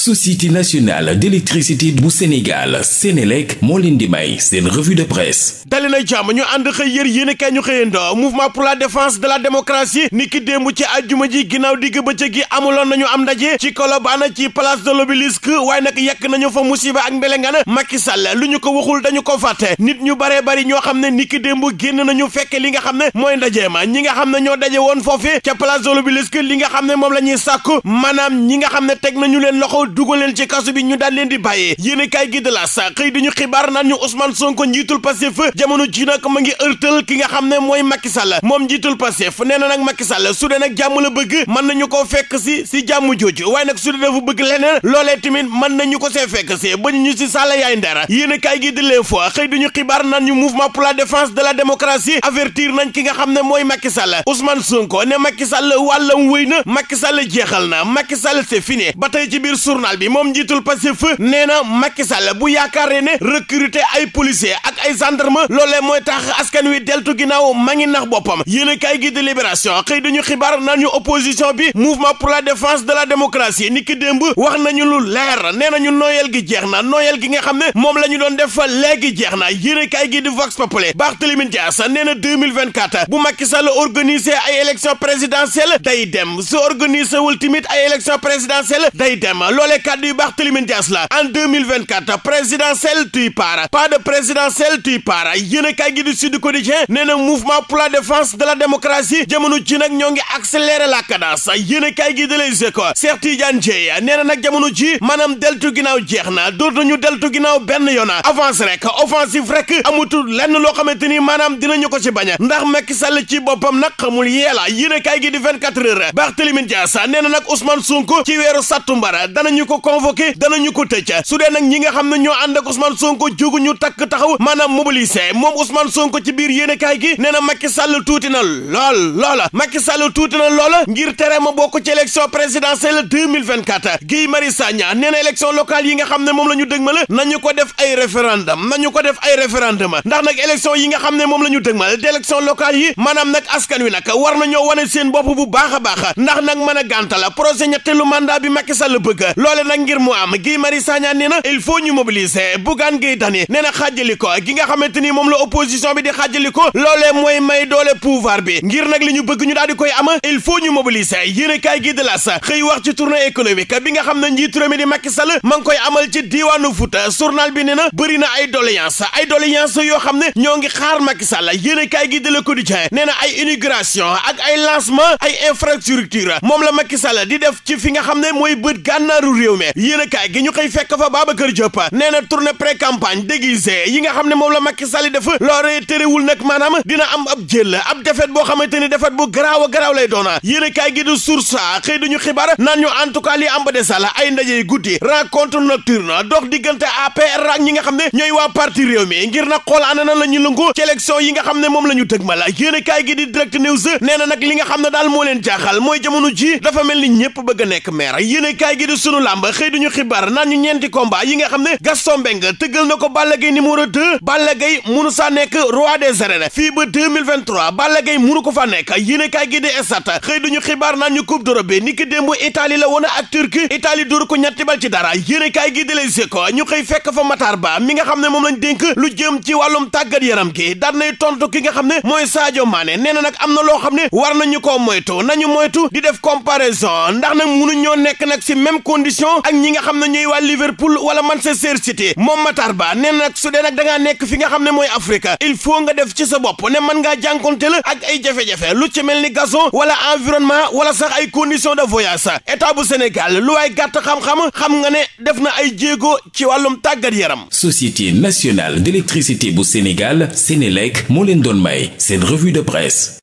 société nationale d'électricité bu Sénégal Sénélec moo leen di may seen revue de presse dali na jàmm ñu ànd xëy yër yéen kay ñu xëyandoo mouvement pour la défense de la démocratie niki démb ci àjjuma ji ginnaaw digg bëccëg gi amuloon nañu am ndaje ci Colobane ci place de l'Obélisque waaye nag yàq nañu fa musiba ak mbelengana Macky Sall lu ñu ko waxul dañu ko fàtte nit ñu baree bari ñoo xam ne niki démb génn nañu fekke li nga xam ne mooy ndaje ma ñi ne ñoo daje woon foofu ca place de l'Obélisque li ñi nga xam ne teg nañu leen loxo dugal leen ci kaso bi ñu daal leen di bàyyee yéen kaay gi de la sa xëy di ñu xibaar na ñu Ousmane Sonko njiitul Pastef jamono ji nag ma ngi ërtal ki nga xam ne mooy Macky Sall moom njiitul Pastef nee na nag Macky Sall su dee nag jàmm la bëgg mën nañu koo fekk si si jàmm jooju waaye nag su dee dafa bëgg leneen loolee tamit mën nañu ko see fekk si ba ñu si sàlla yaay ndara yéen kaay gi de l'info xëy di ñu xibaar na ñu mouvement pour la défense de la démocratie avertir nañ ki nga xam ne mooy Macky Sall Ousmane Sonko ne Macky Sall wàllam wéy na Macky Sall jeexal na Macky Sall c'est ba tey ci biir sur journal bi moom njiitul Pastef nee na Macky Sall bu yaakaaree ne recruter ay policiers ak ay gendarme loolee mooy tax askan deltu ginnaaw ma nax boppam yéen kay gi de libération xëy dañu xibaar nañu opposition bi mouvement pour la défense de la démocratie ni ki démb wax nañu lu leer nee nañu nooyal gi jeex na nooyal gi nga moom la doon def léegi jeex na yéen kay gi di Vox Populi Barthélémy Dias nee bu Macky Sall ay élections présidentielles loolee kàddu yu baax Barthélémy Dias la en 2024 présidentielle tuy para pas de présidentielle tuy para yéen a kaay gi di Sud Quotidien nee na mouvement pour la défense de la démocratie jamono ci nag ñoo ngi accélérer la cadence yéen a kaay gi di Les Échos Cheikh Tidiane Dieye nee na nag jamono ji maanaam deltu ginnaaw jeex na doot nañu deltu ginnaaw benn yoon avance rek offensive rek amutul lenn loo xamante ni maanaam dinañu ko ci bañ ndax Macky Sall ci boppam nag xamul yeela yéen a gi di 24 heures Barthélémy Dias nee na nag Ousmane Sonko ci weeru sàttumbar danañu danañu ko convoqué danañu ko tëj su dee nag ñi nga xam ne ñoo ànd ak Ousmane Sonko jógu ñu takk taxaw maanaam mobilisé moom Ousmane Sonko ci biir yéenekaay gi nee na Macky Sall tuuti na lool loola Macky Sall tuuti na loola ngir tere ma bokk ci élection présidentielle 2024 Guy Marius Sagna nee na élection locale yi nga xam ne moom la ñu dëgmal nañu ko def ay référendum nañu ko def ay référendum ndax nag élection yi nga xam ne moom la ñu dëgmal di élection locale yi maanaam nag askan wi nag war na ñoo wane seen bopp bu baax a baax ndax nag mën a gànta la projet ñetteelu mandat bi Macky Sall bëgg loole nag ngir mu am Guy Marius Sagna nee na il faut ñu mobiliser Bougane Gueye Dany nee na xaajaliko gi nga xamante ni moom la opposition bi di xaajaliko loolee mooy may doole pouvoir bi ngir nag li ñu bëgg ñu daal di koy am il faut ñu mobiliser yéen a kaay gi de las xëy wax ci tournée économique bi nga xam ne njiitu mi di Macky Sall koy amal ci diiwaanu Fouta journal bi nee na bëri na ay doléance ay doléance yoo xam ne ñoo ngi xaar Macky Sall yéen gi de Le Quotidien nee na ay inauguration ak ay lancement ay infrastructure moom la Macky Sall di def ci fi nga xam ne mooy bët gànnaaru réew a kaay gi ñu xëy fekk a Babacar Diop nee na tournée pré campagne déguisé yi nga xam ne moom la Macky Sall def loolee terewul nag maanaam dina am ab jël ab defet boo xamante ni defet bu garaaw a garaaw lay doona yéen a kaay gi du source xëy duñu ñu en tout cas li am ba desal ay ndaje yu guddi rencontre nocturne dox diggante APR ak ñi nga xam ne ñooy waa parti réew mi ngir xool ana nan la ñu lëngu yi nga xam ne moom a kaay a a kaay la Samba xëy du duñu xibaar na ñu ñeenti combat yi nga xam ne Gaston Mbengue tëggal na ko Balla Gaye numéro 2 Balla Gaye mënu saa nekk roi des arènes fii ba 2023 Balla Gaye ko fa nekk yéen a kaay gi di Stades xëy duñu xibaar naan ñu coupe d'Europe bi ni ki démb Italie la woon ak Turquie Italie dóor ko ñetti bal ci dara yéen a kaay gi di Les ñu xëy fekk fa Matar Ba mi nga xam ne moom lañ dénk lu jëm ci wàllum tàggat yaram gi na nay tontu ki nga xam ne mooy Sadio Mané nee na nag am na loo xam ne war nañu ko moytu nañu moytu di def comparaison ndax nag mënu ñoo nekk nag ci même condition condition ak ñi nga xam ne ñooy waa Liverpool wala Manchester City moom Matar Ba nee nag su dee nag da nekk fi nga xam ne mooy Afrique il faut nga def ci sa bopp ne mën ngaa jànkonteel ak ay jafe lu ci mel ni gazon wala environnement wala sax ay conditions de voyage état bu Sénégal lu waay gàtt xam-xam nga ne def na ay jéego ci wàllum tàggat yaram. Société nationale d'électricité bu Sénégal Sénélec moo leen doon may seen revue de presse.